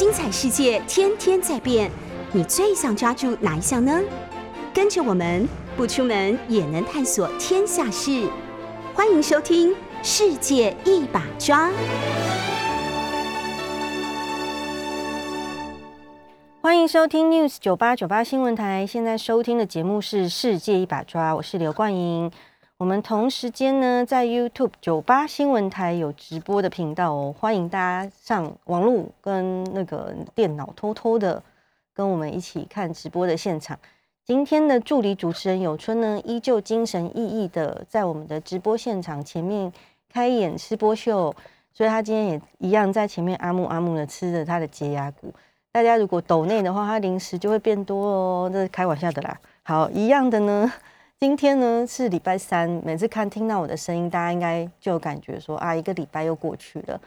精彩世界天天在變，你最想抓住哪一項呢？跟着我們不出門也能探索天下事，歡迎收聽《世界一把抓》。歡迎收聽 News 九八九八新聞台，現在收聽的節目是《世界一把抓》，我是劉冠吟。我們同時間呢，在 YouTube 九八新聞台有直播的頻道哦，歡迎大家上網絡跟那個電腦偷偷的跟我們一起看直播的現場。今天的助理主持人有春呢，依舊精神奕奕的在我們的直播現場前面開演吃播秀，所以他今天也一樣在前面阿木阿木的吃着他的潔牙骨。大家如果抖內的話，他零食就會變多哦，這是開玩笑的啦。好，一樣的呢。今天呢，是禮拜三，每次看聽到我的聲音，大家應該就感覺說啊，一個禮拜又過去了。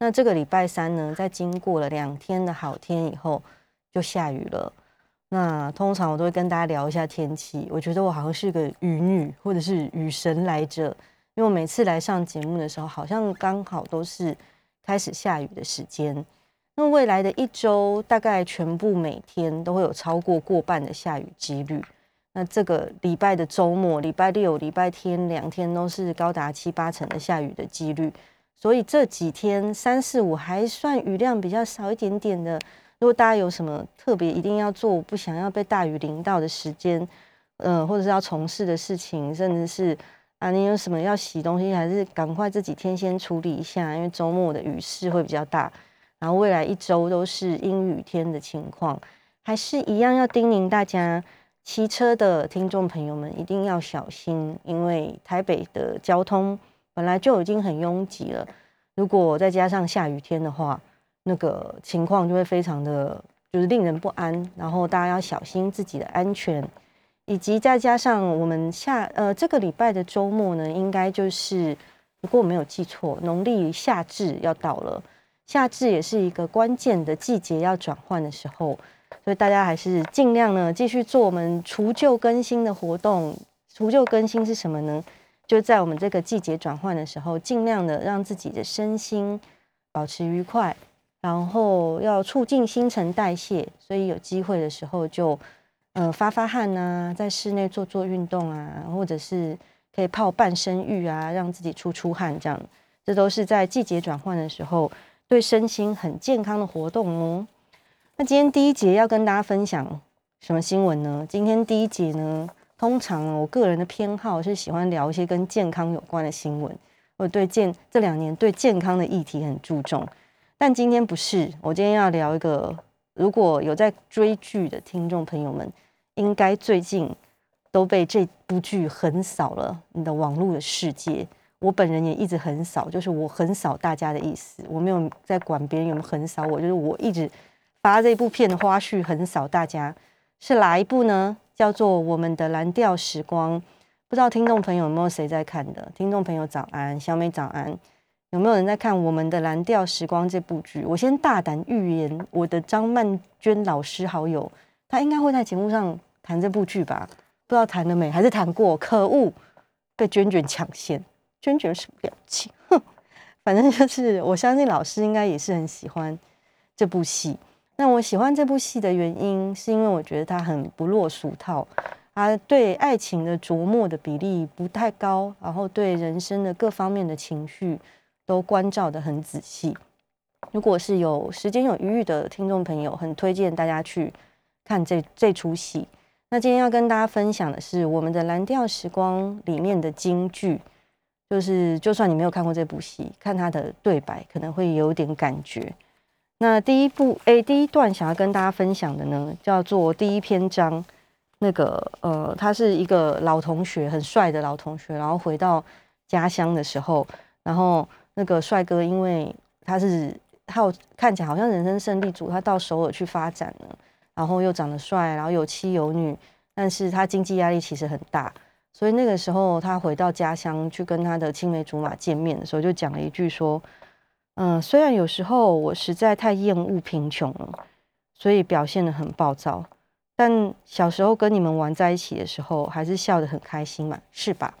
那這個禮拜三呢，在經過了兩天的好天以後，就下雨了。那通常我都會跟大家聊一下天氣，我覺得我好像是個雨女或者是雨神來着，因為我每次來上節目的時候，好像剛好都是開始下雨的時間。那未來的一周，大概全部每天都會有超過過半的下雨幾率。那這個禮拜的周末，禮拜六、禮拜天兩天都是高達七八成的下雨的幾率，所以這幾天三四五還算雨量比較少一點點的。如果大家有什麼特別一定要做，不想要被大雨淋到的時間，呃，或者是要從事的事情，甚至是啊，你有什麼要洗東西，還是趕快這幾天先處理一下，因為周末的雨勢會比較大，然後未來一周都是陰雨天的情況，還是一樣要叮嚀大家。騎車的聽眾朋友們一定要小心，因為台北的交通本來就已經很擁擠了，如果再加上下雨天的話，那個情況就會非常的就是令人不安。然後大家要小心自己的安全，以及再加上我們下呃這個禮拜的周末呢，應該就是如果我沒有記錯，農曆夏至要到了，夏至也是一個關鍵的季節要轉換的時候。所以大家還是盡量呢，繼續做我們除舊更新的活動。除舊更新是什麼呢？就在我們這個季節轉換的時候，盡量的讓自己的身心保持愉快，然後要促進新陳代謝。所以有機會的時候就，呃，發發汗吶、啊，在室內做做運動啊，或者是可以泡半身浴啊，讓自己出出汗，這樣，這都是在季節轉換的時候對身心很健康的活動哦。那今天第一節要跟大家分享什麼新聞呢？今天第一節呢，通常我個人的偏好是喜歡聊一些跟健康有關的新聞。我對健這兩年對健康的議題很注重，但今天不是。我今天要聊一個，如果有在追劇的聽眾朋友們，應該最近都被這部劇橫掃了你的網絡的世界。我本人也一直橫掃，就是我橫掃大家的意思，我沒有在管別人有沒有橫掃我，就是我一直。發這部片的花絮很少，大家是哪一部呢？叫做《我們的藍調時光》，不知道聽眾朋友有沒有誰在看的？聽眾朋友早安，小美早安，有沒有人在看《我們的藍調時光》這部劇？我先大膽預言，我的張曼娟老師好友，他應該會在節目上談這部劇吧？不知道談了沒，還是談過？可惡，被娟娟搶先，娟娟什麼表情？哼，反正就是，我相信老師應該也是很喜歡這部戲。那我喜歡這部戲的原因，是因為我覺得它很不落俗套，它對愛情的琢磨的比例不太高，然後對人生的各方面的情緒都關照得很仔細。如果是有時間有餘裕的聽眾朋友，很推薦大家去看這這出戲。那今天要跟大家分享的是我們的《藍調時光》裡面的金句，就是就算你沒有看過這部戲，看他的對白可能會有點感覺。那第一部哎、欸，第一段想要跟大家分享的呢，叫做第一篇章。那個呃，他是一個老同學，很帥的老同學。然後回到家鄉的時候，然後那個帥哥，因為他是他有看起來好像人生勝利組，他到首爾去發展了，然後又長得帥，然後有妻有女，但是他經濟壓力其實很大。所以那個時候他回到家鄉去跟他的青梅竹馬見面的時候，就講了一句說。嗯，雖然有時候我實在太厭惡貧窮了，所以表現得很暴躁，但小時候跟你們玩在一起的時候，還是笑得很開心嘛，是吧？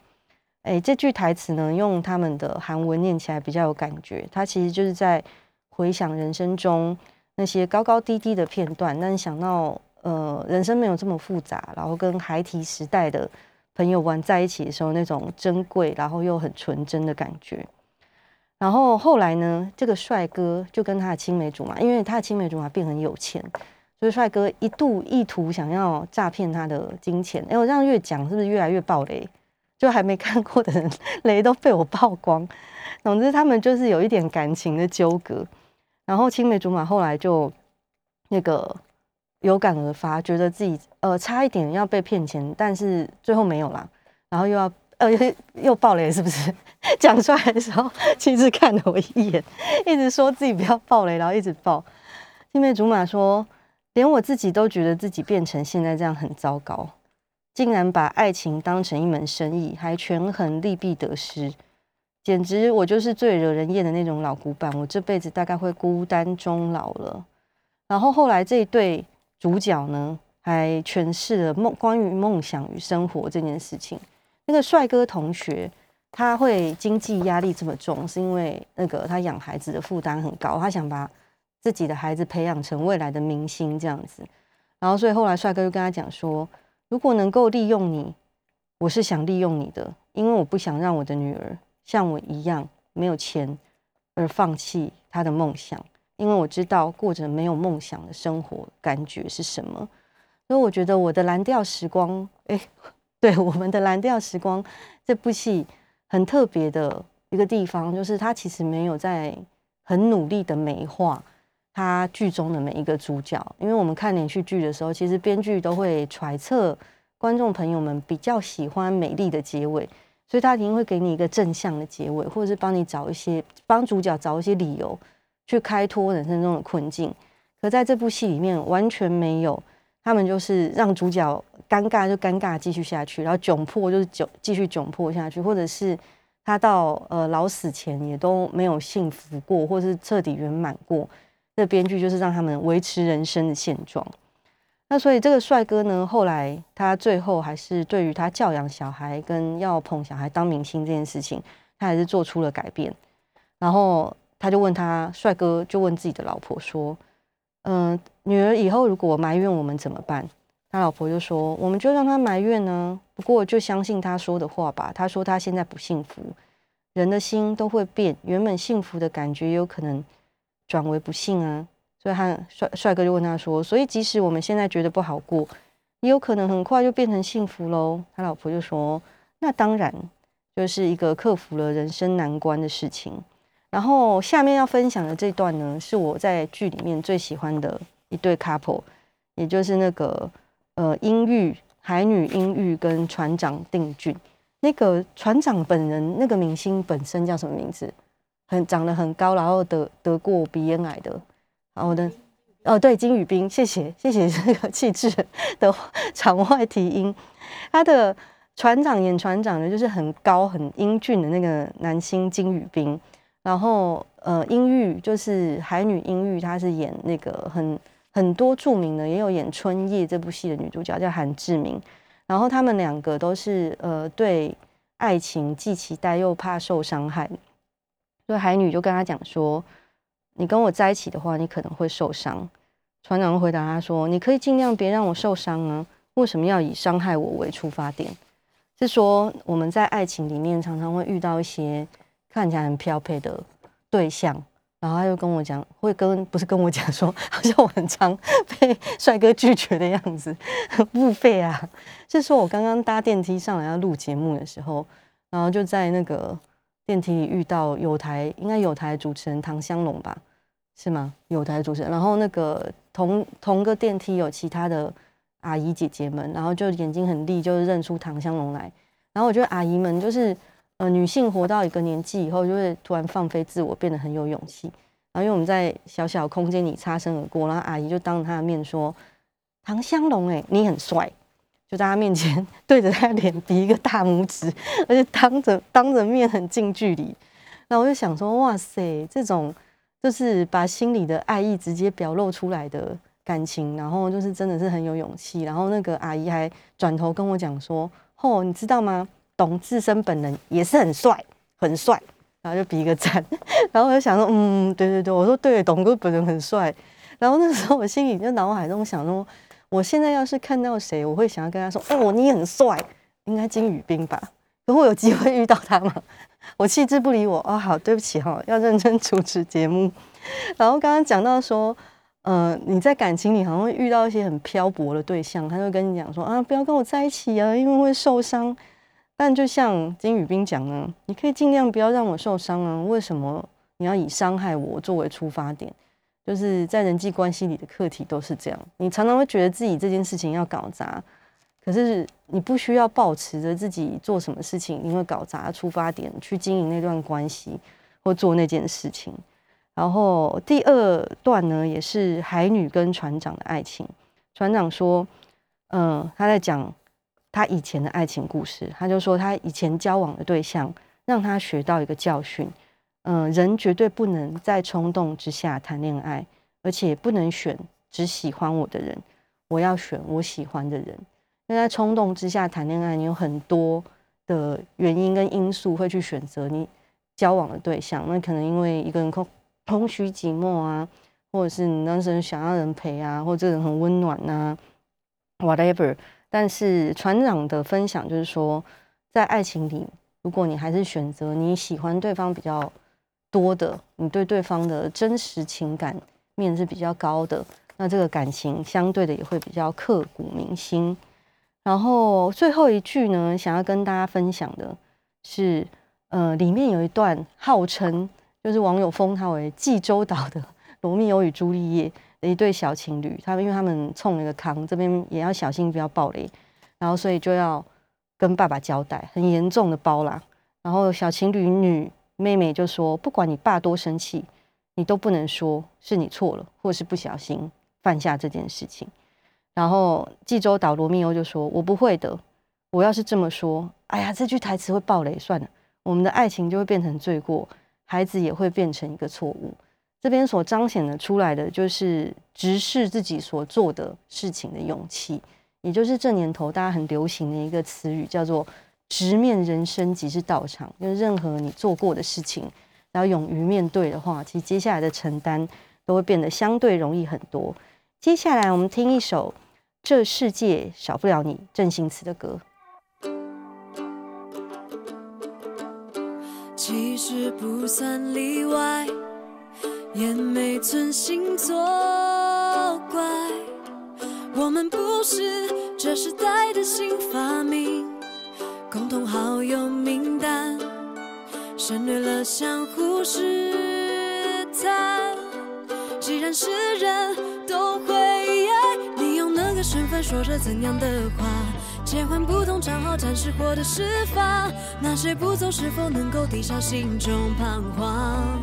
哎、欸，這句台詞呢，用他們的韓文念起來比較有感覺。它其實就是在回想人生中那些高高低低的片段，但想到呃，人生沒有這麼複雜，然後跟孩提時代的朋友玩在一起的時候，那種珍貴，然後又很純真的感覺。然後後來呢？這個帥哥就跟他的青梅竹馬，因為他的青梅竹馬變很有錢，所以帥哥一度意圖想要詐騙他的金錢。哎，我這樣越講是不是越來越爆雷？就還沒看過的人雷都被我曝光。總之他們就是有一點感情的糾葛。然後青梅竹馬後來就那個有感而發，覺得自己呃差一點要被騙錢，但是最後沒有啦。然後又要。呃，又爆雷是不是？講出來的時候，親自看了我一眼，一直說自己不要爆雷，然後一直爆。青梅竹馬說，連我自己都覺得自己變成現在這樣很糟糕，竟然把愛情當成一門生意，還權衡利弊得失，簡直我就是最惹人厭的那種老古板。我這輩子大概會孤單終老了。然後後來這一對主角呢，還詮釋了夢關於夢想與生活這件事情。那個帥哥同學，他會經濟壓力這麼重，是因為那個他養孩子的負擔很高，他想把自己的孩子培養成未來的明星這樣子。然後，所以後來帥哥就跟他講說：“如果能夠利用你，我是想利用你的，因為我不想讓我的女兒像我一樣沒有錢而放棄她的夢想。因為我知道過着沒有夢想的生活感覺是什麼。所以，我覺得我的藍調時光，哎、欸。”對，我們的《藍調時光》這部戲，很特別的一個地方就是，它其實沒有在很努力的美化它劇中的每一個主角。因為我們看連續劇的時候，其實編劇都會揣測觀眾朋友們比較喜歡美麗的結尾，所以他一定會給你一個正向的結尾，或者是幫你找一些幫主角找一些理由去開脫人生中的困境。可在這部戲裡面，完全沒有，他們就是讓主角。尷尬就尷尬繼續下去，然後窘迫，就是窘繼續窘迫下去，或者是他到呃老死前也都沒有幸福過，或是徹底圓滿過。那編劇就是讓他們維持人生的現狀。那所以這個帥哥呢，後來他最後還是對於他教養小孩跟要捧小孩當明星這件事情，他還是做出了改變。然後他就問他，帥哥就問自己的老婆說：“嗯、呃，女兒以後如果埋怨我們怎麼辦？”他老婆就說：“我們就讓他埋怨呢、啊，不過就相信他說的話吧。他說他現在不幸福，人的心都會變，原本幸福的感覺也有可能轉為不幸啊。所以他帥帥哥就問他說：‘所以即使我們現在覺得不好過，也有可能很快就變成幸福嘍。’他老婆就說：‘那當然，就是一個克服了人生難關的事情。’然後下面要分享的這段呢，是我在劇裡面最喜歡的一對 couple，也就是那個。呃，英玉，海女英玉跟船長定俊，那個船長本人，那個明星本身叫什麼名字？很長得很高，然後得得過鼻咽癌的。然後我的，哦，對，金宇彬，謝謝謝謝這個氣質的場外提音。他的船長演船長的，就是很高很英俊的那個男星金宇彬。然後，呃，英玉就是海女英玉，他是演那個很。很多著名的也有演《春夜》這部戲的女主角叫韓志明，然後他們兩個都是呃，對愛情既期待又怕受傷害，所以海女就跟他講說：“你跟我在一起的話，你可能會受傷。”船長回答他說：“你可以盡量別讓我受傷啊，為什麼要以傷害我為出發點？”是說我們在愛情裡面常常會遇到一些看起來很匹配的對象。然後他又跟我講，會跟不是跟我講說，好像我很常被帥哥拒絕的樣子，很付費啊。是說我剛剛搭電梯上來要錄節目的時候，然後就在那個電梯裡遇到有台應該有台主持人唐湘龍吧，是嗎？有台主持人，然後那個同同個電梯有其他的阿姨姐姐們，然後就眼睛很利，就認出唐湘龍來。然後我覺得阿姨們就是。呃，女性活到一個年紀以後，就會突然放飛自我，變得很有勇氣。然後，因為我們在小小的空間裡擦身而過，然後阿姨就當着她的面說：“唐湘龍誒，你很帥。”就在她面前對她，對着她臉比一個大拇指，而且當着當着面很近距離。那我就想說，哇塞，這種就是把心裡的愛意直接表露出來的感情，然後就是真的是很有勇氣。然後那個阿姨還轉頭跟我講說：“嚯、哦，你知道嗎？”董自身本人也是很帥，很帥，然後就比一個贊，然後我就想說，嗯，對對對，我說對，董哥本人很帥。然後那時候我心裡就腦海中想說，我現在要是看到誰，我會想要跟他說，哦，你很帥，應該金宇彬吧？如果我有機會遇到他嗎？我氣質不理我。我哦，好，對不起哈，哦，要認真主持節目。然後剛剛講到說，呃，你在感情裡好像會遇到一些很漂泊的對象，他就跟你講說，啊，不要跟我在一起啊，因為會受傷。但就像金宇彬講呢，你可以盡量不要讓我受傷啊！為什麼你要以傷害我作為出發點？就是在人際關係裡的課題都是這樣，你常常會覺得自己這件事情要搞砸，可是你不需要抱持著自己做什麼事情因為搞砸出發點去經營那段關係或做那件事情。然後第二段呢，也是海女跟船長的愛情。船長說，嗯，他在講。他以前的愛情故事，他就說他以前交往的對象讓他學到一個教訓，嗯、呃，人絕對不能在衝動之下談戀愛，而且不能選只喜歡我的人，我要選我喜歡的人。因為在衝動之下談戀愛，你有很多的原因跟因素會去選擇你交往的對象，那可能因為一個人空空虛寂寞啊，或者是你當時想要人陪啊，或者這人很溫暖吶、啊、，whatever。但是船長的分享就是說，在愛情裡，如果你還是選擇你喜歡對方比較多的，你對對方的真實情感面是比較高的，那這個感情相對的也會比較刻骨銘心。然後最後一句呢，想要跟大家分享的是，呃，裡面有一段號稱就是網友封他為濟州島的《羅密歐與朱麗葉》。一對小情侶，他們因為他們衝了一個坑，這邊也要小心不要爆雷，然後所以就要跟爸爸交代很嚴重的包啦。然後小情侶女妹妹就說：“不管你爸多生氣，你都不能說是你錯了，或是不小心犯下這件事情。”然後濟州島羅密歐就說：“我不會的，我要是這麼說，哎呀，這句台詞會爆雷，算了，我們的愛情就會變成罪過，孩子也會變成一個錯誤。”這邊所彰顯的出來的，就是直視自己所做的事情的勇氣，也就是這年頭大家很流行的一個詞語，叫做“直面人生即是道場”。因任何你做過的事情，然後勇於面對的話，其實接下來的承擔都會變得相對容易很多。接下來我們聽一首《這世界少不了你》鄭興慈的歌。其實不算例外。也沒存心作怪，我們不是這時代的新發明，共同好友名單省略了相互試探。既然是人都會愛，你用那個身份說着怎樣的話，切換不同賬號展示我的釋放，那些步驟是否能夠抵消心中彷徨？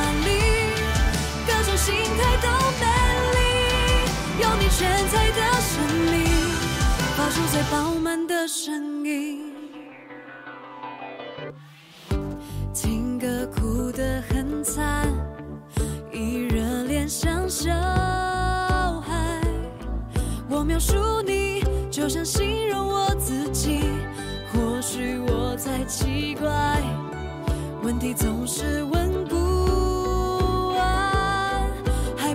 心態都美麗，有你炫彩的生命，發出最飽滿的聲音。情歌哭得很慘，一熱戀像小孩。我描述你，就像形容我自己，或許我太奇怪，問題總是問。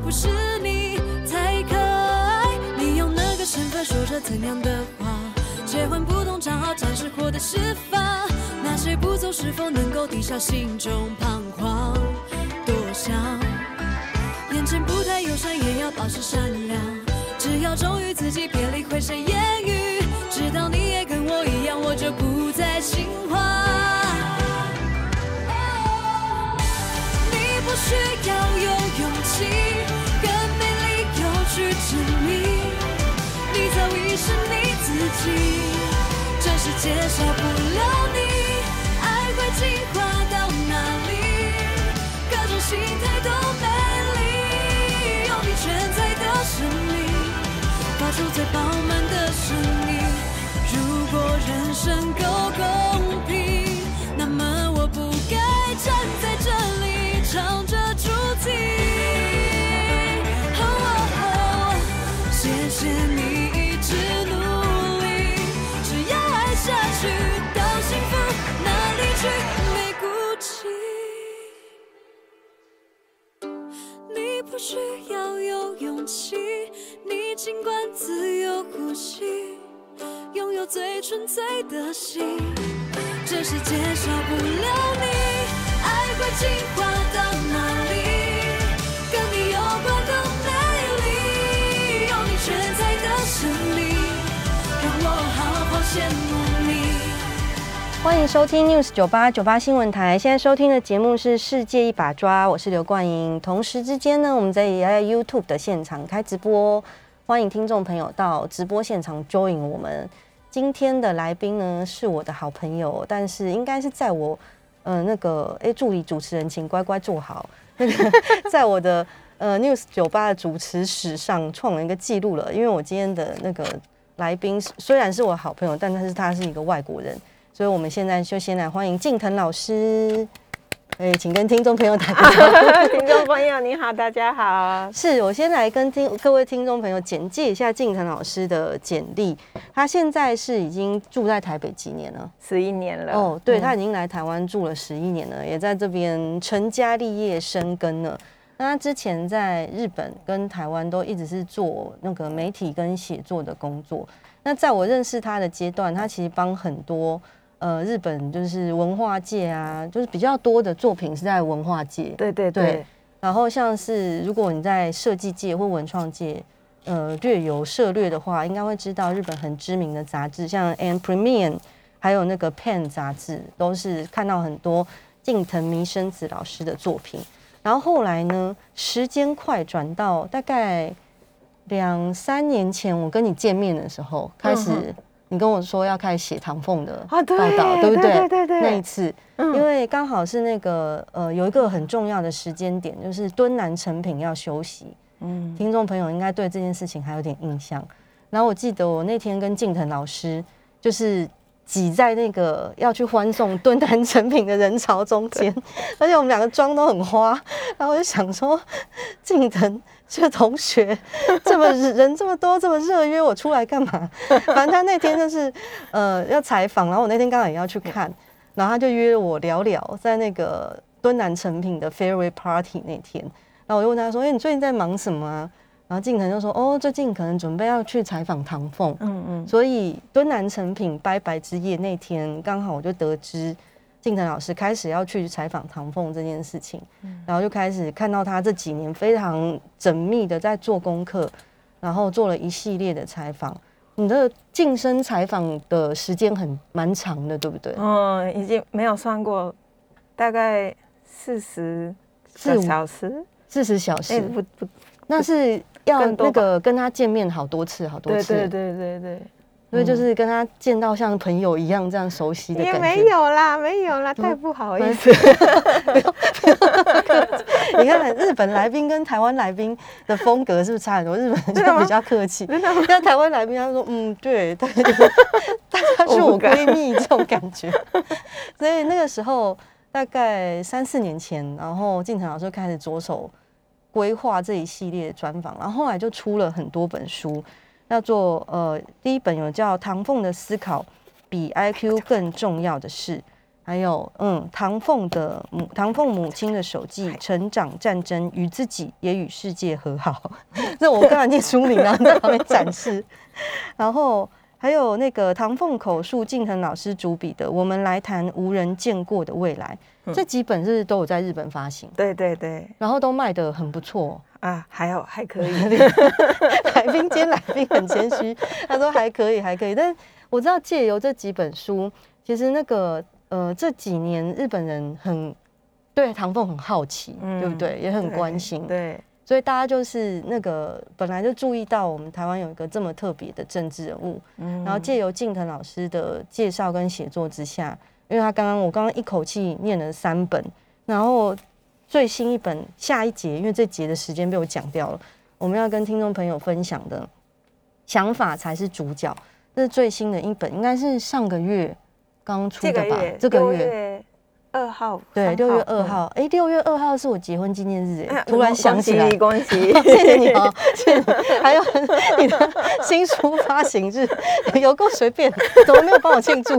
不是你太可愛，你用那個身份說着怎樣的話？切換不同賬號，暫時獲得釋放。那些步驟是否能夠抵消心中彷徨？多想，眼前不太友善，也要保持善良。只要忠於自己，別理會誰言語。知道你也跟我一樣，我就不再心慌。需要有勇氣，更沒理由去證明，你早已是你自己。這世界少不了你，愛會進化到哪裡？各種心態都美麗，用你全在的生命，發出最飽滿的聲音。如果人生夠公平，那麼我不該站在這裡。唱着主題、oh，oh oh，謝謝你一直努力。只要愛下去，到幸福那裡去沒顧忌。你不需要有勇氣，你儘管自由呼吸，擁有最純粹的心。這世界少不了你。會進化到哪裡，跟你有關的美麗，用你全在的讓我好好羨慕你。歡迎收聽 News 九八九八新聞台，現在收聽的節目是《世界一把抓》，我是劉冠吟。同時之間呢，我們在，在 YouTube 的現場開直播，歡迎聽眾朋友到直播現場 Join 我們。今天的來賓呢，是我的好朋友，但是應該是在我。嗯、呃，那個，哎、欸，助理主持人，請乖乖坐好。那個，在我的呃 News98 的主持史上創了一個記錄了，因為我今天的那個來賓雖然是我好朋友，但但是他是一個外國人，所以我們現在就先來歡迎近藤老師。哎、欸，請跟聽眾朋友打個招呼。聽眾朋友，你好，大家好。是我先來跟聽各位聽眾朋友簡介一下近藤老師的簡歷。他現在是已經住在台北幾年了？十一年了。哦，對，對、嗯，他已經來台灣住了十一年了，也在這邊成家立業、生根了。那他之前在日本跟台灣都一直是做那個媒體跟寫作的工作。那在我認識他的階段，他其實幫很多。呃，日本就是文化界啊，就是比較多的作品是在文化界。對對對。對，然後像是如果你在設計界或文創界，呃，略有涉略的話，應該會知道日本很知名的雜誌，像、M《An Premium》，還有那個《Pen》雜誌，都是看到很多近藤弥生子老師的作品。然後後來呢，時間快轉到大概兩三年前，我跟你見面的時候開始、嗯。.你跟我說要開始寫唐鳳的報道、啊、對，對不對？對，對對對，那一次，嗯、因為剛好是那個呃有一個很重要的時間點，就是敦南誠品要休息。嗯，聽眾朋友應該對這件事情還有點印象。然後我記得我那天跟近藤老師就是擠在那個要去歡送敦南誠品的人潮中間，對而且我們兩個妝都很花。然後我就想說，近藤……這個同學這麼人這麼多這麼熱，約我出來幹嘛？反正他那天就是呃要採訪，然後我那天剛好也要去看，然後他就約我聊聊在那個敦南誠品的 Fairway Party 那天，然後我就問他說：“哎、欸，你最近在忙什麼、啊？”然後近藤就說：“哦，最近可能準備要去採訪唐鳳。”嗯嗯，所以敦南誠品拜拜之夜那天剛好我就得知。近藤老師開始要去採訪唐鳳這件事情，然後就開始看到他這幾年非常縝密的在做功課，然後做了一系列的採訪。你的近身採訪的時間很蠻長的，對不對？嗯、哦，已經沒有算過，大概四十四小時四五，四十小時。不、欸、不，不那是要那個跟他見面好多次，好多次。對，對對對對對。所以就是跟他見到像朋友一樣這樣熟悉的，嗯、也沒有啦，沒有啦，太不好意思。 嗯、 你看日本來賓跟台灣來賓的風格是不是差很多？日本人就比較客氣，那台灣來賓他說：“嗯，對，大家是我閨蜜這種感覺。”所以那個時候大概三四年前，然後靜城老師開始着手規劃這一系列專訪，然後後來就出了很多本書。要做呃、第一本有叫唐鳳的思考，比 I Q 更重要的事，還有嗯，唐鳳的母唐鳳母親的手記，成長戰爭與自己也與世界和好。 那我剛才念書名啊，在旁邊展示。然後還有那個唐鳳口述，近藤老師主筆的《我們來談無人見過的未來》。這幾本是，是都有在日本發行，對對對，然後都賣得很不錯啊，還好還可以。 來賓兼來賓很謙虛， 他說還可以，還可以。但我知道借由這幾本書，其實那個呃這幾年日本人很對唐鳳很好奇，嗯、對不對？也很關心，對。對所以大家就是那個本來就注意到我們台灣有一個這麼特別的政治人物，嗯、然後借由近藤老師的介紹跟寫作之下。因為他剛剛，我剛剛一口氣念了三本，然後最新一本下一節，因為這節的時間被我講掉了。我們要跟聽眾朋友分享的想法才是主角，這是最新的一本，應該是上個月剛出的吧？這個月，二號，號對，六月二號。哎、嗯，六、欸、月二號是我結婚紀念日、欸啊，突然想起來，謝謝你啊、哦！ 還有你的新書發行日， 有夠隨便，怎麼沒有幫我慶祝？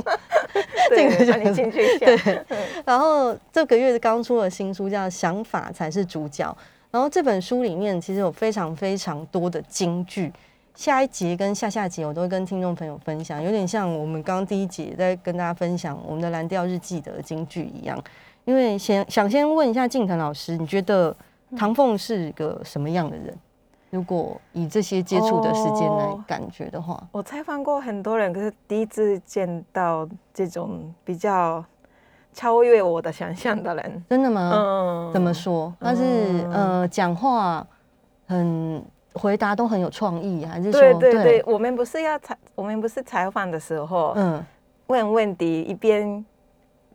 近藤叫你進去一下。 對，然後這個月剛出了新書，叫《想法才是主角》。然後這本書裡面其實有非常非常多的金句，下一節跟下下節我都會跟聽眾朋友分享，有點像我們剛剛第一節在跟大家分享我們的藍調日記的金句一樣。因為先想先問一下近藤老師，你覺得唐鳳是個什麼樣的人？如果以這些接觸的時間來感覺的話的、哦，我採訪過很多人，可是第一次見到這種比較超越我的想象的人，真的嗎？嗯，怎麼說？但是、嗯、呃，講話很回答都很有創意，還是說？對對對，對我，我們不是要採，我們不是採訪的時候，嗯，問問題一邊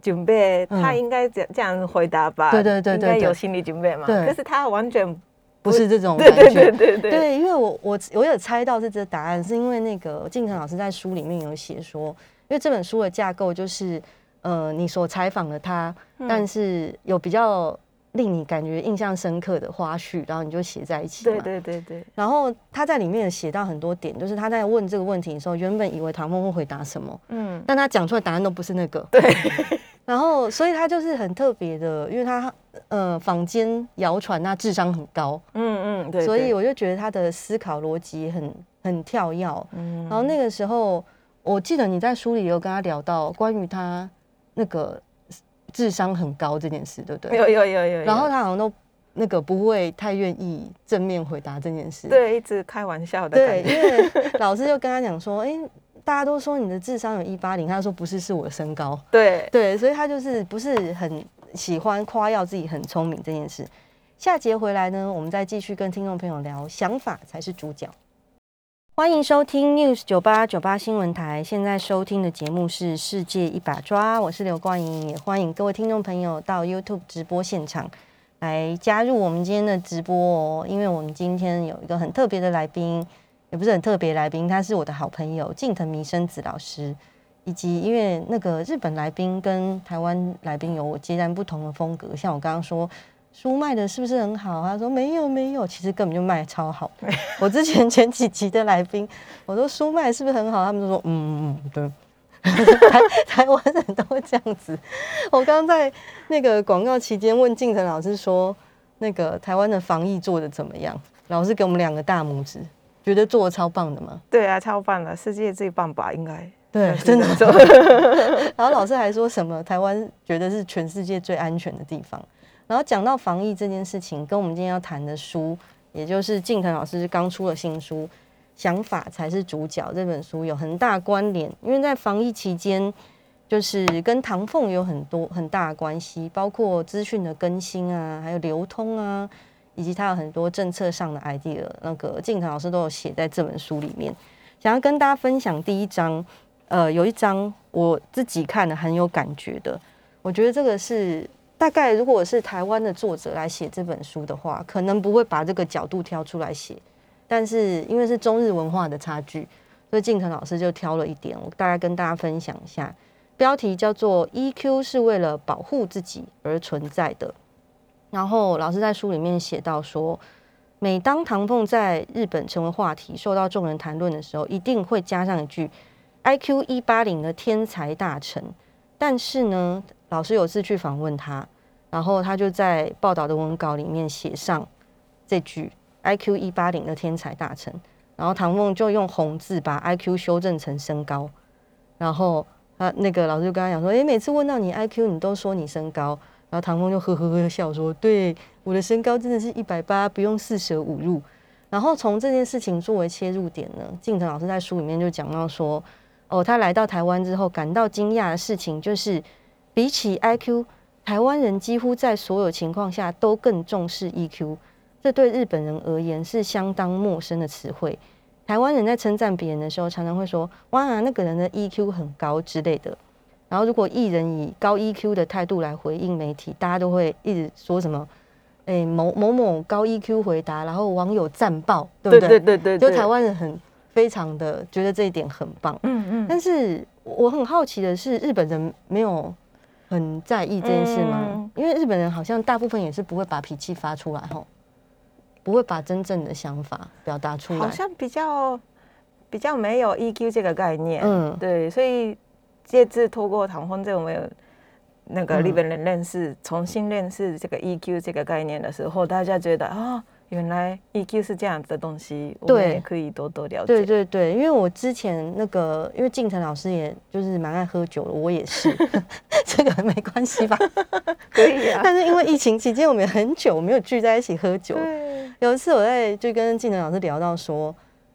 準備，嗯，他應該這樣回答吧？對對對，對，對對對，應該有心理準備嘛？對，可是他完全。我 不是這種感覺， 對對對對，對，對，對，因為我我我有猜到這個答案，是因為那個近藤老師在書裡面有寫說，因為這本書的架構就是，呃，你所採訪的他，但是有比較。令你感覺印象深刻的花絮，然後你就寫在一起嘛。對對對對。然後他在裡面寫到很多點，就是他在問這個問題的時候，原本以為唐鳳會回答什麼，嗯，但他講出來答案都不是那個。對。 然後，所以他就是很特別的，因為他呃，坊間謠傳他智商很高，嗯嗯，對，對，對。所以我就覺得他的思考邏輯很很跳躍。嗯，然後那個時候，我記得你在書裡有跟他聊到關於他那個。智商很高這件事，對不對？有有有有，有。然後他好像都那個不會太願意正面回答這件事，對，一直開玩笑的。對，因為老師就跟他講說：“ 誒，大家都說你的智商有一八零，他說不是，是我的身高。對”對對，所以他就是不是很喜歡誇耀自己很聰明這件事。下節回來呢，我們再繼續跟聽眾朋友聊，想法才是主角。歡迎收聽 News 九八九八新聞台，現在收聽的節目是《世界一把抓》，我是劉冠吟，也歡迎各位聽眾朋友到 YouTube 直播現場來加入我們今天的直播哦，因為我們今天有一個很特別的來賓，也不是很特別來賓，他是我的好朋友近藤弥生子老師，以及因為那個日本來賓跟台灣來賓有截然不同的風格，像我剛剛說。書賣的是不是很好？他說，沒有沒有，其實根本就賣得超好。 我之前前幾集的來賓，我說書賣是不是很好？他們都說嗯嗯對 台、台灣人都會這樣子。我剛在那個廣告期間問靜晨老師說，那個台灣的防疫做的怎麼樣？老師給我們兩個大拇指，覺得做的超棒的嗎？對啊，超棒的，世界最棒吧應該。對，真的。 然後老師還說什麼台灣覺得是全世界最安全的地方。然後講到防疫這件事情，跟我們今天要談的書，也就是近藤老師剛出的新書《想法才是主角》這本書有很大關聯，因為在防疫期間，就是跟唐鳳有很多很大的關係，包括資訊的更新啊，還有流通啊，以及他有很多政策上的 idea，那個近藤老師都有寫在這本書裡面，想要跟大家分享第一章，呃，有一章我自己看的很有感覺的，我覺得這個是。大概如果是台灣的作者來寫這本書的話，可能不會把這個角度挑出來寫。但是因為是中日文化的差距，所以近藤老師就挑了一點，我大概跟大家分享一下。標題叫做 “EQ 是為了保護自己而存在的”。然後老師在書裡面寫到說，每當唐鳳在日本成為話題，受到眾人談論的時候，一定會加上一句 “IQ 一八零的天才大臣”。但是呢，老師有次去訪問他。然後他就在報道的文稿裡面寫上這句 “IQ 一八零的天才大臣”，然後唐鳳就用紅字把 IQ 修正成身高。然後他那個老師就跟他講說：“誒，每次問到你 IQ，你都說你身高。”然後唐鳳就呵呵呵笑說：“對，我的身高真的是一百八，不用四捨五入。”然後從這件事情作為切入點呢，近藤老師在書裡面就講到說：“哦，他來到台灣之後感到驚訝的事情就是，比起 IQ。”台灣人幾乎在所有情況下都更重視 EQ，這對日本人而言是相當陌生的詞彙。台灣人在稱讚別人的時候，常常會說：“哇、啊，那個人的 EQ 很高”之類的。然後，如果藝人以高 EQ 的態度來回應媒體，大家都會一直說什麼：“哎、欸，某某某高 EQ 回答”，然後網友讚爆，對不對？對對對，對，就台灣人很非常的覺得這一點很棒。嗯嗯。但是我很好奇的是，日本人沒有。很在意這件事嗎？嗯、因為日本人好像大部分也是不會把脾氣發出來吼，不會把真正的想法表達出來，好像比較比較沒有 EQ 這個概念。嗯，對，所以這次透過唐鳳，這我們有那個日本人認識、嗯、重新認識這個 EQ 這個概念的時候，大家覺得啊。哦原來 EQ 是這樣子的東西，對對對對，我們也可以多多了解。對對對，因為我之前那個，因為近藤老師也就是蠻愛喝酒的，我也是， 這個沒關係吧？ 可以啊。但是因為疫情期間，我們很久沒有聚在一起喝酒。對有一次我在就跟近藤老師聊到說，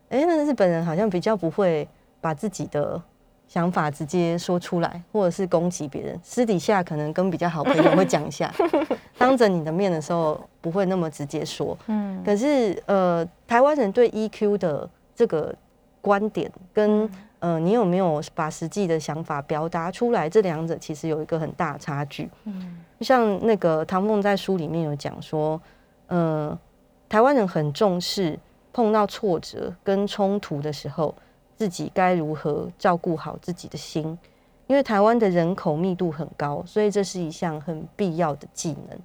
哎、欸，那日本人好像比較不會把自己的。想法直接說出來，或者是攻擊別人，私底下可能跟比較好朋友會講一下， 當着你的面的時候不會那麼直接說。嗯，可是呃，台灣人對 EQ 的這個觀點跟呃，你有沒有把實際的想法表達出來，這兩者其實有一個很大的差距。嗯，像那個唐鳳在書裡面有講說，呃，台灣人很重視碰到挫折跟衝突的時候。自己該如何照顧好自己的心？因為台灣的人口密度很高，所以這是一項很必要的技能。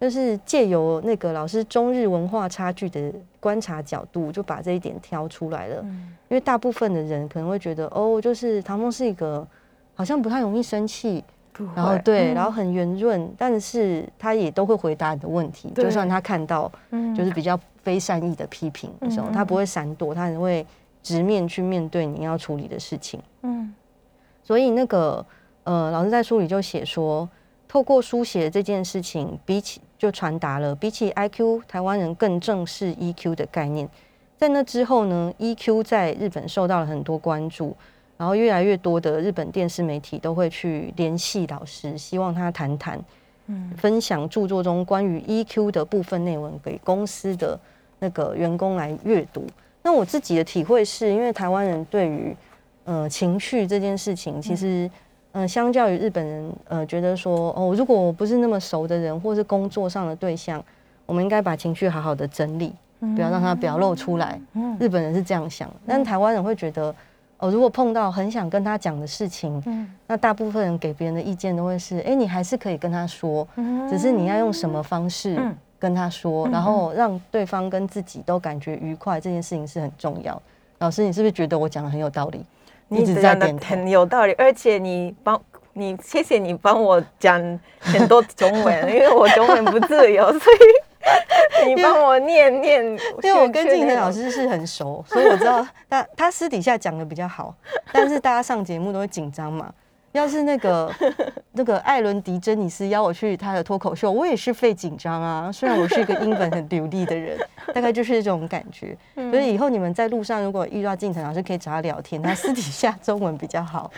就是借由那個老師中日文化差距的觀察角度，就把這一點挑出來了。嗯、因為大部分的人可能會覺得，哦，就是唐鳳是一個好像不太容易生氣，會然後對，嗯、然後很圓潤，但是他也都會回答你的問題，對就算他看到就是比較非善意的批評的時候，嗯、他不會閃躲，他很會。直面去面對你要處理的事情，嗯，所以那個呃，老師在書裡就寫說，透過書寫這件事情，比起就傳達了比起 IQ，台灣人更正視 EQ 的概念。在那之後呢，EQ 在日本受到了很多關注，然後越來越多的日本電視媒體都會去聯繫老師，希望他談談，嗯，分享著作中關於 EQ 的部分內容給公司的那個員工來閱讀。那我自己的體會是，因為台灣人對於，呃，情緒這件事情，其實，嗯，相較於日本人，呃，覺得說，哦，如果我不是那麼熟的人，或是工作上的對象，我們應該把情緒好好的整理，不要讓它表露出來。嗯，日本人是這樣想，但台灣人會覺得，哦，如果碰到很想跟他講的事情，那大部分人給別人的意見都會是，誒，你還是可以跟他說，只是你要用什麼方式。跟他說，然後讓對方跟自己都感覺愉快，嗯、哼這件事情是很重要。老師，你是不是覺得我講的很有道理？一直在點頭，很有道理。而且你幫，你謝謝你幫我講很多中文， 因為我中文不自由，所以你幫我念念。因為我跟靜晨老師是很熟， 所以我知道他他私底下講的比較好， 但是大家上節目都會緊張嘛。要是那個那個艾倫·迪·珍尼斯邀我去他的脫口秀，我也是費緊張啊。雖然我是一個英文很流利的人，大概就是這種感覺。所以以後你們在路上如果遇到近藤老師，可以找他聊天。他私底下中文比較好。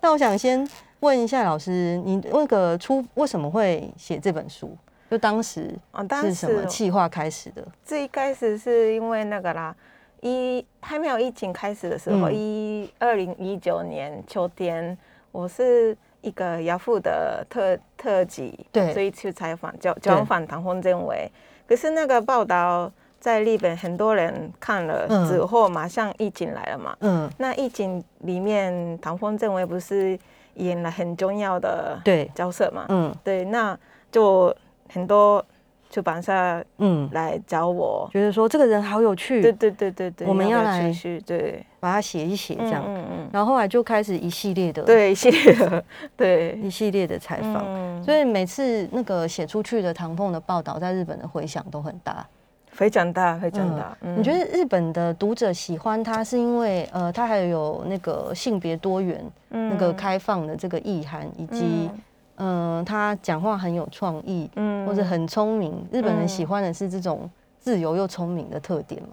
那我想先問一下老師，你那個初為什麼會寫這本書？就當時是什麼企劃開始的？哦、最一開始是因為那個啦，一還沒有疫情開始的時候，一二零一九年秋天。我是一個姚父、ah、的特特輯，對，所以去採訪，叫專訪對唐鳳政委。可是那個報道在日本，很多人看了之後，馬上疫情來了嘛。嗯，那疫情裡面，唐鳳政委不是演了很重要的角色嘛？嗯，對，那就很多。就綁上嗯來找我，嗯、覺得說，這個人好有趣，對對對對對，我們要來繼續對，把他寫一寫這樣，嗯嗯嗯，然後後來就開始一系列的對，一系列的對，一系列的採訪，嗯、所以每次那個寫出去的唐鳳的報道在日本的迴響都很大，大，非常大非常大。嗯嗯、你覺得日本的讀者喜歡他是因為呃他還有那個性別多元、嗯、那個開放的這個意涵以及、嗯。嗯、呃，他講話很有創意，嗯，或者很聰明，日本人喜歡的是這種自由又聰明的特點嘛。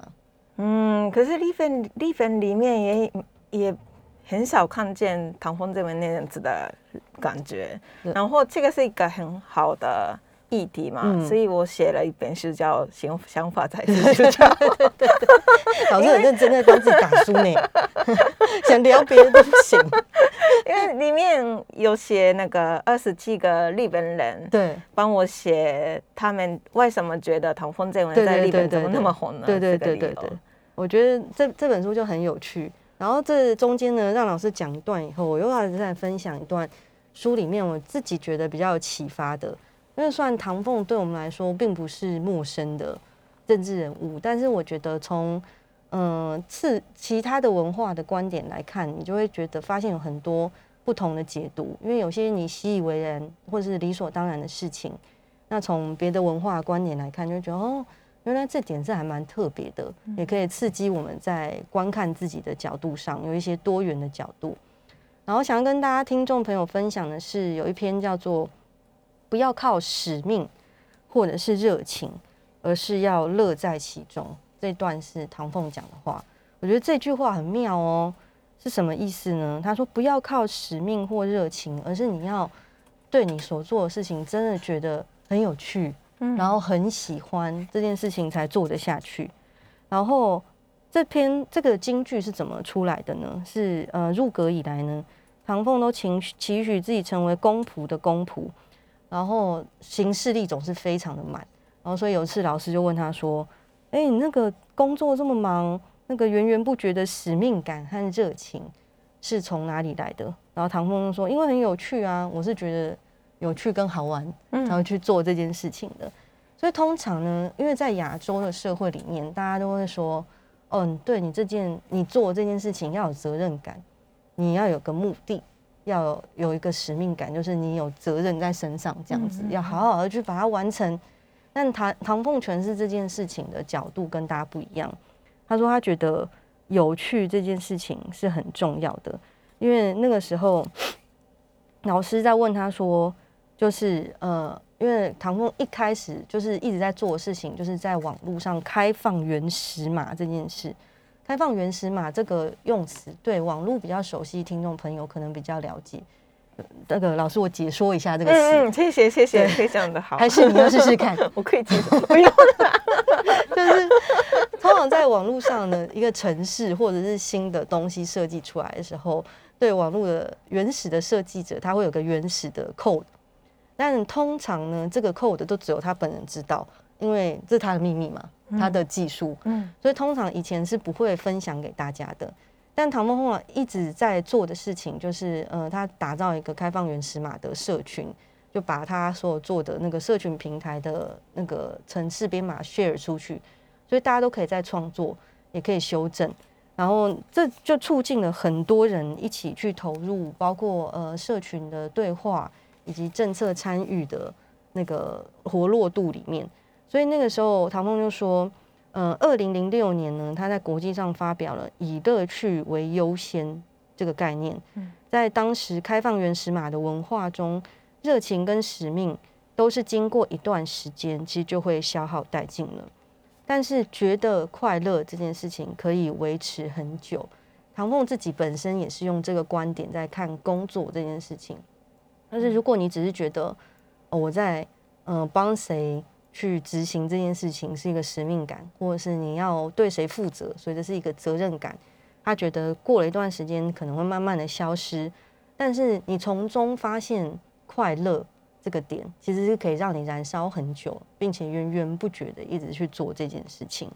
嗯，可是立粉立粉裡面也也很少看見唐鳳這邊那樣子的感覺，是然後這個是一個很好的。議題嘛，嗯、所以我寫了一本書叫，、嗯、叫《想法才是》， 老師很認為真的在自己講書呢， 想聊別的都不行，因為裡面有寫那個二十幾個日本人，對，幫我寫他們為什麼覺得唐鳳這文在日本怎麼那麼紅呢？對對對對，對對對對對，對對對對對，我覺得這這本書就很有趣。然後這中間呢，讓老師講一段以後，我又要再分享一段書裡面我自己覺得比較有啟發的，因為雖然唐鳳對我們來說並不是陌生的政治人物，但是我覺得從嗯次其他的文化的觀點來看，你就會覺得發現有很多不同的解讀。因為有些你習以為然或者是理所當然的事情，那從別的文化觀點來看，就覺得哦，原來這點是還蠻特別的，也可以刺激我們在觀看自己的角度上有一些多元的角度。然後想要跟大家聽眾朋友分享的是，有一篇叫做。不要靠使命或者是熱情，而是要樂在其中。這段是唐鳳講的話，我覺得這句話很妙哦。是什麼意思呢？他說：“不要靠使命或熱情，而是你要對你所做的事情真的覺得很有趣，然後很喜歡這件事情才做得下去。嗯”然後這篇這個金句是怎麼出來的呢？是呃，入閣以來呢，唐鳳都請期許自己成為公僕的公僕。然後行事力總是非常的滿，然後所以有一次老師就問他說：“哎，你那個工作這麼忙，那個源源不絕的使命感和熱情是從哪裡來的？”然後唐鳳就說：“因為很有趣啊，我是覺得有趣跟好玩，然後去做這件事情的。嗯、所以通常呢，因為在亞洲的社會裡面，大家都會說：‘嗯、哦，對你這件你做這件事情要有責任感，你要有個目的。’”要有，有一個使命感，就是你有責任在身上，這樣子、嗯、哼要好好的去把它完成。但唐唐鳳詮釋這件事情的角度跟大家不一樣，他說他覺得有趣這件事情是很重要的，因為那個時候老師在問他說，就是呃，因為唐鳳一開始就是一直在做的事情，就是在網絡上開放原始碼這件事。開放原始碼這個用詞，對網絡比較熟悉，聽眾朋友可能比較了解。嗯、那個老師，我解說一下這個詞，嗯。嗯，謝謝謝謝，非常對的好。還是你要試試看， 我可以解說。不用 就是通常在網絡上呢，一個程式或者是新的東西設計出來的時候，對網絡的原始的設計者，他會有個原始的 code，但通常呢，這個 code 的都只有他本人知道。因為這是他的秘密嘛，嗯、他的技術，嗯，所以通常以前是不會分享給大家的。但唐鳳一直在做的事情就是，呃，他打造一個開放原始碼的社群，就把他所有做的那個社群平台的那個程式編碼 share 出去，所以大家都可以再創作，也可以修正，然後這就促進了很多人一起去投入，包括呃社群的對話以及政策參與的那個活絡度裡面。所以那個時候，唐鳳就說：“嗯、呃，二零零六年呢，他在國際上發表了‘以樂趣為優先’這個概念。在當時開放原始碼的文化中，熱情跟使命都是經過一段時間，其實就會消耗殆盡了。但是覺得快樂這件事情可以維持很久。唐鳳自己本身也是用這個觀點在看工作這件事情。但是如果你只是覺得、哦、我在嗯幫誰。呃”去執行這件事情是一個使命感，或者是你要對誰負責，所以這是一個責任感。他覺得過了一段時間可能會慢慢的消失，但是你從中發現快樂這個點，其實是可以讓你燃燒很久，並且源源不絕的一直去做這件事情。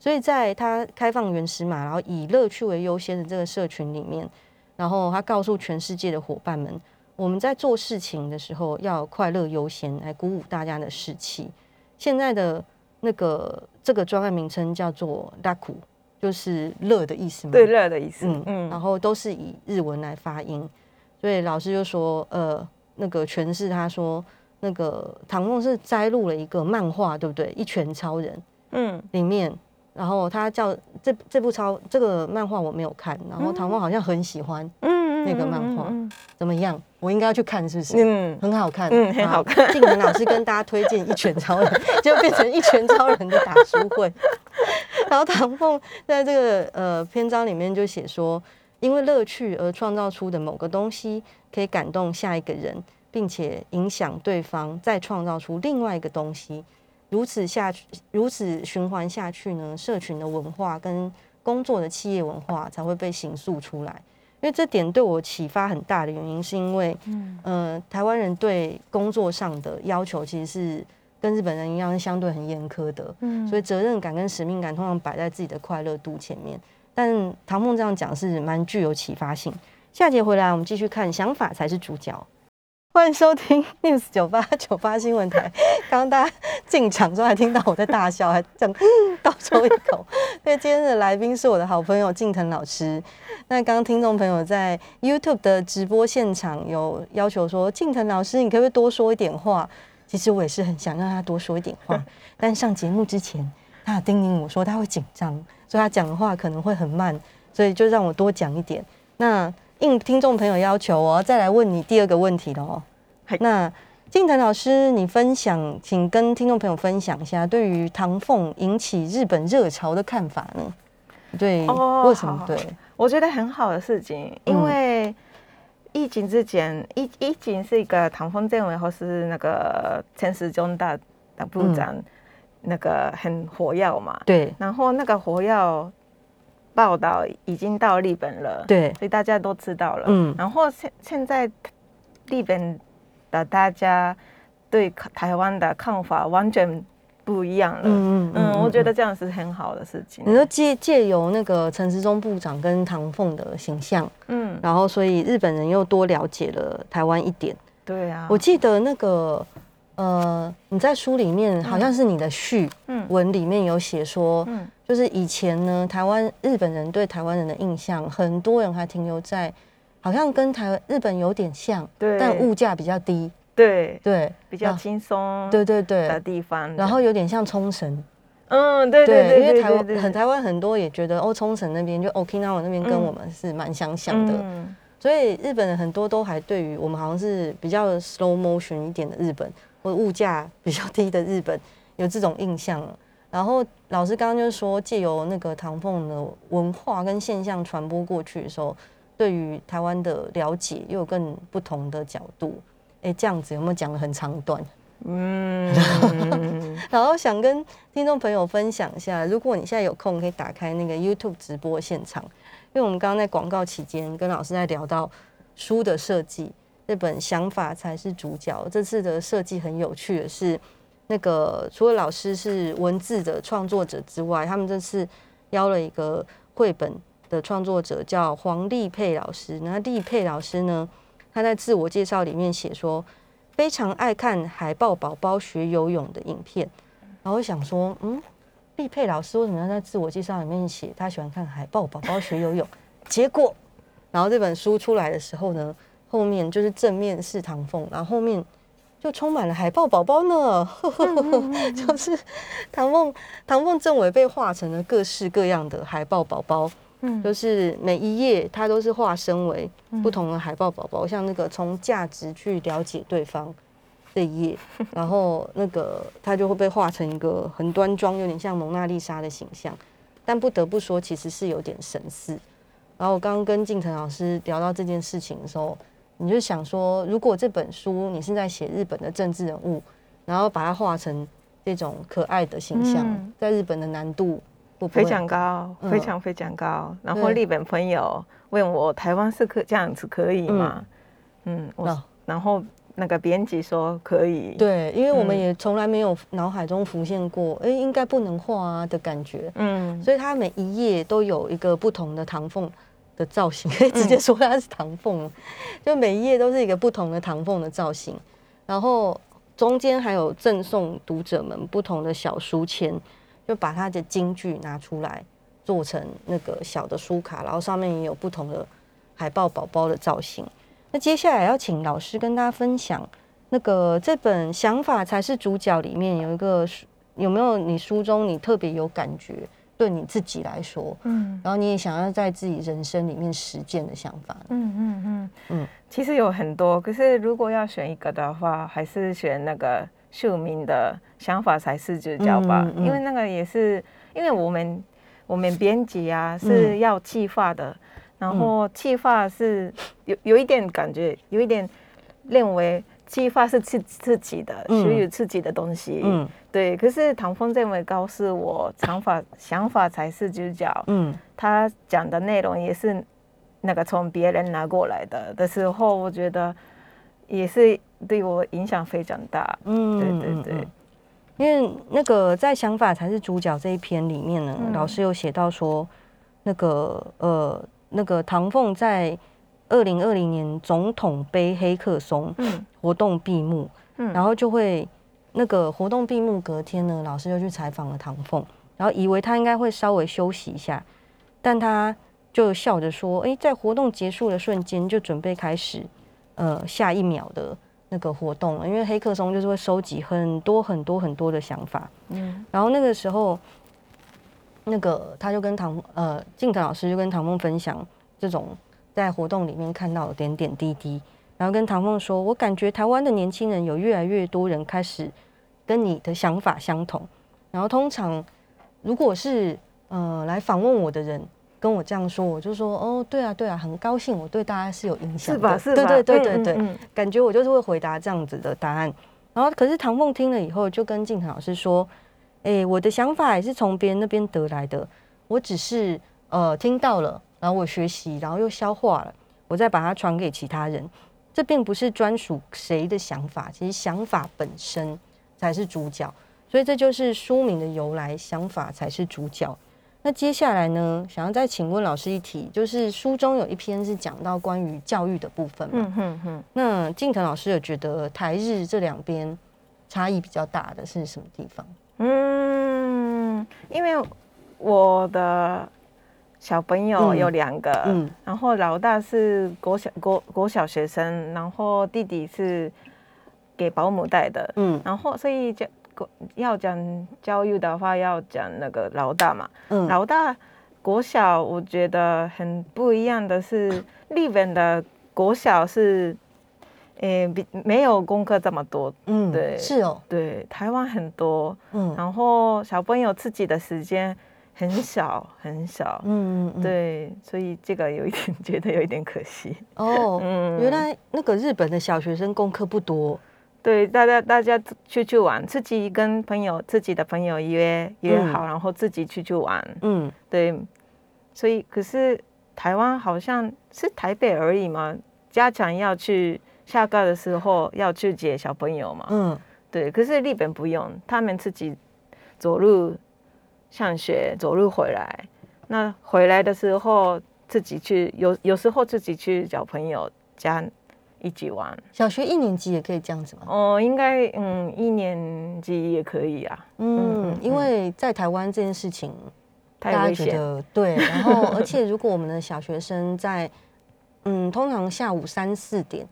所以在他開放原始碼，然後以樂趣為優先的這個社群裡面，然後他告訴全世界的伙伴們，我們在做事情的時候要快樂優先，來鼓舞大家的士氣。現在的那個這個專案名稱叫做“拉苦”，就是“樂”的意思嘛？對，“樂”的意思。嗯嗯。嗯，然後都是以日文來發音，所以老師就說：“呃，那個詮釋他說，那個唐鳳是摘錄了一個漫畫，對不對？一拳超人，嗯，裡面，嗯、然後他叫這這部超這個漫畫我沒有看，然後唐鳳好像很喜歡，嗯。嗯”那個漫畫怎麼樣？我應該要去看，是不是？嗯，啊、嗯，很好看，很好看。靖文老師跟大家推薦一拳超人， 就變成一拳超人的打書會。然後唐鳳在這個呃篇章裡面就寫說，因為樂趣而創造出的某個東西，可以感動下一個人，並且影響對方，再創造出另外一個東西。如此下去，如此循環下去呢，社群的文化跟工作的企業文化才會被形塑出來。因為這點對我啟發很大的原因，是因為，嗯，呃，台灣人對工作上的要求其實是跟日本人一樣，是相對很嚴苛的，所以責任感跟使命感通常擺在自己的快樂度前面。但唐鳳這樣講是蠻具有啟發性。下節回來，我們繼續看，想法才是主角。歡迎收聽 News 九八九八新聞台。剛剛大家進場之後還聽到我在大笑，還這樣倒抽、嗯、一口。所以今天的來賓是我的好朋友近藤老師。那剛剛聽眾朋友在 YouTube 的直播現場有要求說，近藤老師你可不可以多說一點話？其實我也是很想讓他多說一點話，但上節目之前，他有叮嚀我說他會緊張，所以他講的話可能會很慢，所以就讓我多講一點。那應聽眾朋友要求，我要再來問你第二個問題嘍。Hey. 那近藤老師，你分享，請跟聽眾朋友分享一下對於唐鳳引起日本熱潮的看法呢？對，oh, 為什麼？好好對，我覺得很好的事情，嗯、因為疫情之前，疫疫情是一個唐鳳政委或是那個陳時中大大部長，嗯、那個很火藥嘛。對，然後那個火藥。報道已經到日本了，對，所以大家都知道了。嗯，然後現現在日本的大家對台灣的看法完全不一樣了。嗯嗯嗯，我覺得這樣是很好的事情。你說借借由那個陳時中部長跟唐鳳的形象，嗯，然後所以日本人又多了解了台灣一點。對啊，我記得那個呃，你在書裡面好像是你的序文裡面有寫說，嗯，嗯。嗯就是以前呢，台灣日本人對台灣人的印象，很多人還停留在好像跟台灣日本有點像，對，但物價比較低，對對，對，然後比較輕鬆，對對的地方的對對對，然後有點像沖繩，嗯對對對,對,對,對,對，因為台灣很台灣很多也覺得哦沖繩那邊就 Okinawa、ok、那邊跟我們是蠻相像的，嗯，所以日本人很多都還對於我們好像是比較 slow motion 一點的日本，或者物價比較低的日本，有這種印象。然後老師剛剛就說，借由那個唐鳳的文化跟現象傳播過去的時候，對於台灣的了解又有更不同的角度。哎，這樣子有沒有講得很長一段？嗯。然後，然後想跟聽眾朋友分享一下，如果你現在有空，可以打開那個 YouTube 直播現場，因為我們剛剛在廣告期間跟老師在聊到書的設計，這本想法才是主角。這次的設計很有趣的是。那個除了老師是文字的創作者之外，他們這次邀了一個繪本的創作者，叫黃麗佩老師。那麗佩老師呢，他在自我介紹裡面寫說，非常愛看《海豹寶寶學游泳》的影片。然後想說，嗯，麗佩老師為什麼要在自我介紹裡面寫他喜歡看《海豹寶寶學游泳》？結果，然後這本書出來的時候呢，後面就是正面是唐鳳，然後後面。就充滿了海豹寶寶呢，嗯嗯嗯嗯、 就是唐鳳唐鳳政委被畫成了各式各樣的海豹寶寶，嗯，就是每一頁它都是化身為不同的海豹寶寶，像那個從價值去了解對方這一頁，然後那個他就會被畫成一個很端莊，有點像蒙娜麗莎的形象，但不得不說其實是有點神似。然後我剛剛跟近藤老師聊到這件事情的時候。你就想說，如果這本書你是在寫日本的政治人物，然後把它畫成這種可愛的形象，嗯、在日本的難度會不會非常高，非常非常高。嗯、然後日本朋友問我，對台灣是可這樣子可以嗎？嗯，嗯，我、啊、然後那個編輯說可以。對，因為我們也從來沒有腦海中浮現過，哎、嗯欸，應該不能畫啊的感覺。嗯，所以它每一頁都有一個不同的唐鳳的造型可以直接說它是唐鳳，嗯、就每一頁都是一個不同的唐鳳的造型，然後中間還有贈送讀者們不同的小書籤，就把它的金句拿出來做成那個小的書卡，然後上面也有不同的海報寶寶的造型。那接下來要請老師跟大家分享，那個這本《想法才是主角》裡面有一個書有沒有你書中你特別有感覺？對你自己來說，嗯，然後你也想要在自己人生裡面實踐的想法，嗯，嗯嗯嗯嗯，其實有很多，可是如果要選一個的話，還是選那個書名的想法才是主角吧，嗯嗯嗯、因為那個也是因為我們我們編輯啊是要計劃的，嗯、然後計劃是有有一點感覺，有一點認為。計劃是自自己的，屬於自己的東西。嗯，嗯對。可是唐鳳這麼告訴我，想法想法才是主角。嗯，他講的內容也是那個從別人拿過來的的時候，我覺得也是對我影響非常大。嗯，對對對。因為那個在《想法才是主角》這一篇裡面呢，嗯、老師有寫到說，那個呃，那個唐鳳在。二零二零年總統盃黑客松活動閉幕，嗯嗯、然後就會那個活動閉幕隔天呢，老師就去採訪了唐鳳，然後以為他應該會稍微休息一下，但他就笑着說：“誒、欸，在活動結束的瞬間就準備開始，呃，下一秒的那個活動了，因為黑客松就是會收集很多很多很多的想法。”嗯，然後那個時候，那個他就跟唐呃，近藤老師就跟唐鳳分享這種。在活動裡面看到了點點滴滴，然後跟唐鳳說：“我感覺台灣的年輕人有越來越多人開始跟你的想法相同。”然後通常如果是呃來訪問我的人跟我這樣說，我就說：“哦，對啊，對啊，很高興，我對大家是有影響的。”是吧？是吧？對對對對對，嗯嗯嗯、感覺我就是會回答這樣子的答案。然後可是唐鳳聽了以後，就跟靜涵老師說：“哎、欸，我的想法也是從別人那邊得來的，我只是呃聽到了。”找我學習，然後又消化了，我再把它傳給其他人。這並不是專屬誰的想法，其實想法本身才是主角。所以這就是書名的由來，想法才是主角。那接下來呢，想要再請問老師一題，就是書中有一篇是講到關於教育的部分嘛？嗯嗯。那近藤老師有覺得台日這兩邊差異比較大的是什麼地方？嗯，因為我，我的。小朋友有兩個，嗯嗯、然後老大是國小國國小學生，然後弟弟是給保姆帶的，嗯，然後所以教國要講教育的話，要講那個老大嘛，嗯，老大國小我覺得很不一樣的是，日本的國小是，誒、呃，比沒有功課這麼多，嗯，對，是哦，對，台灣很多，嗯，然後小朋友自己的時間。很少，很少，嗯，嗯，嗯，對，所以這個有一點覺得有一點可惜哦。嗯，原來那個日本的小學生功課不多，對，大家大家出去，去玩，自己跟朋友自己的朋友約約好，嗯、然後自己出去，去玩，嗯，對，所以可是台灣好像是台北而已嘛，家長要去下課的時候要去接小朋友嘛，嗯，對，可是日本不用，他們自己走路。上學走路回來，那回來的時候自己去有有時候自己去找朋友家一起玩。小學一年級也可以這樣子嗎？哦，應該嗯，一年級也可以啊。嗯，因為在台灣這件事情，太危險，大家覺得對，然後而且如果我們的小學生在 嗯，通常下午三四點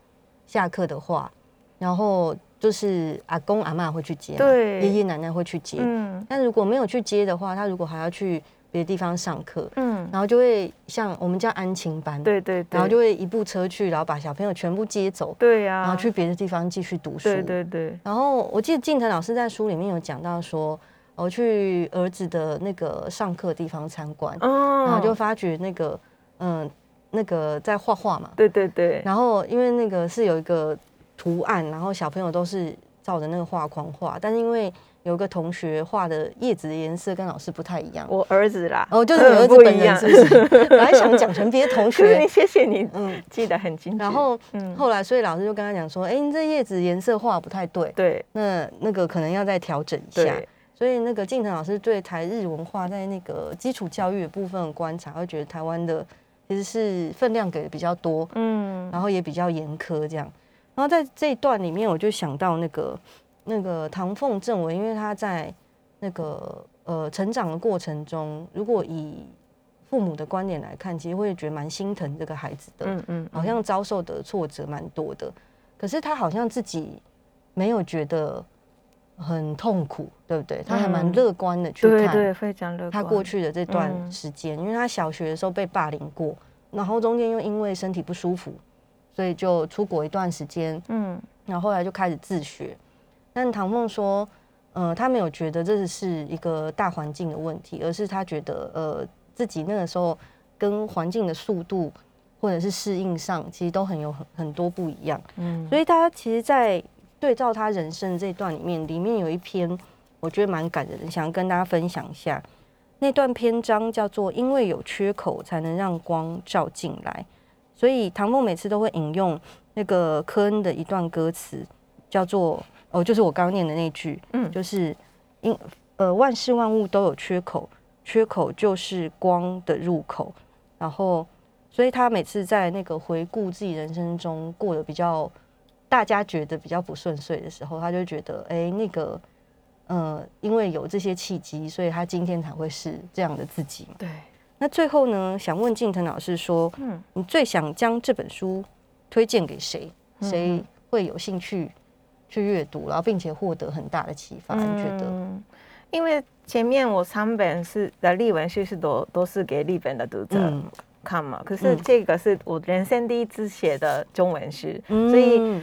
下課的話，然後。就是阿公阿媽會去接嘛，爺爺對奶奶會去接。嗯，但如果沒有去接的話，他如果還要去別的地方上課，嗯，然後就會像我們叫安親班，對，對對，然後就會一部車去，然後把小朋友全部接走，啊、然後去別的地方繼續讀書，對，對對。然後我記得近藤老師在書裡面有講到說，我去兒子的那個上課的地方參觀，哦、然後就發覺那個，嗯，那個在畫畫嘛，對對對。然後因為那個是有一個。圖案，然後小朋友都是照着那個畫框畫，但是因為有一個同學畫的葉子的顏色跟老師不太一樣，我兒子啦，哦就是你兒子本人是不是？我 還想講成別的同學，謝謝你，嗯，記得很清楚。然後後來，嗯嗯、所以老師就跟他講說，哎、欸，你這葉子顏色畫不太對，對那那個可能要再調整一下。對所以那個近藤老師對台日文化在那個基礎教育的部分的觀察，會覺得台灣的其實是分量給的比較多，嗯，然後也比較嚴苛這樣。然後在這一段裡面，我就想到那個那個唐鳳政委，因為他在那個呃成長的過程中，如果以父母的觀點來看，其實會覺得蠻心疼這個孩子的，嗯嗯，嗯好像遭受的挫折蠻多的，可是他好像自己沒有覺得很痛苦，對不對？他還蠻樂觀的去看待。對對，非常樂觀。他過去的這段時間，因為他小學的時候被霸凌過，然後中間又因為身體不舒服。所以就出國一段時間，嗯，然後後來就開始自學。嗯、但唐鳳說，呃，他沒有覺得這是一個大環境的問題，而是他覺得，呃，自己那個時候跟環境的速度或者是適應上，其實都很有很很多不一樣。嗯，所以他其實，在對照他人生的這一段裡面，裡面有一篇我覺得蠻感人的，想要跟大家分享一下。那段篇章叫做“因為有缺口，才能讓光照進來”。所以唐鳳每次都會引用那個科恩的一段歌詞，叫做哦，就是我剛念的那句，嗯，就是因呃萬事萬物都有缺口，缺口就是光的入口。然後，所以他每次在那個回顧自己人生中過得比較大家覺得比較不順遂的時候，他就覺得哎、欸，那個呃，因為有這些契機，所以他今天才會是這樣的自己。對。那最後呢？想問近藤老師說，你最想將這本書推薦給誰？誰會有興趣去閱讀，然後並且獲得很大的啟發？你覺得、嗯？因為前面我三本是的日文書是都都是給日本的讀者看嘛，嗯、可是這個是我人生第一次寫的中文書，嗯、所以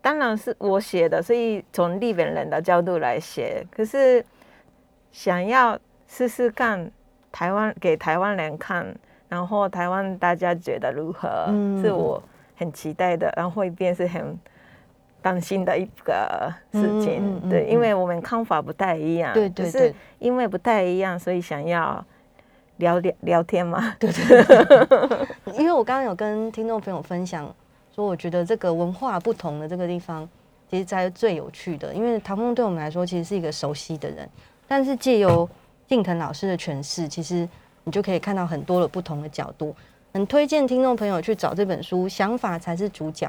當然是我寫的，所以從日本人的角度來寫。可是想要試試看。台灣給台灣人看，然後台灣大家覺得如何？嗯、是我很期待的，然後會變，是很擔心的一個事情，嗯嗯嗯、對，因為我們看法不太一樣，對對對，因為不太一樣，所以想要聊聊聊天嘛，對，對對。 因為我剛剛有跟聽眾朋友分享，說我覺得這個文化不同的這個地方，其實才是最有趣的，因為唐鳳對我們來說其實是一個熟悉的人，但是借由。定騰老師的詮釋，其實你就可以看到很多的不同的角度，很推薦聽眾朋友去找這本書，《想法才是主角》。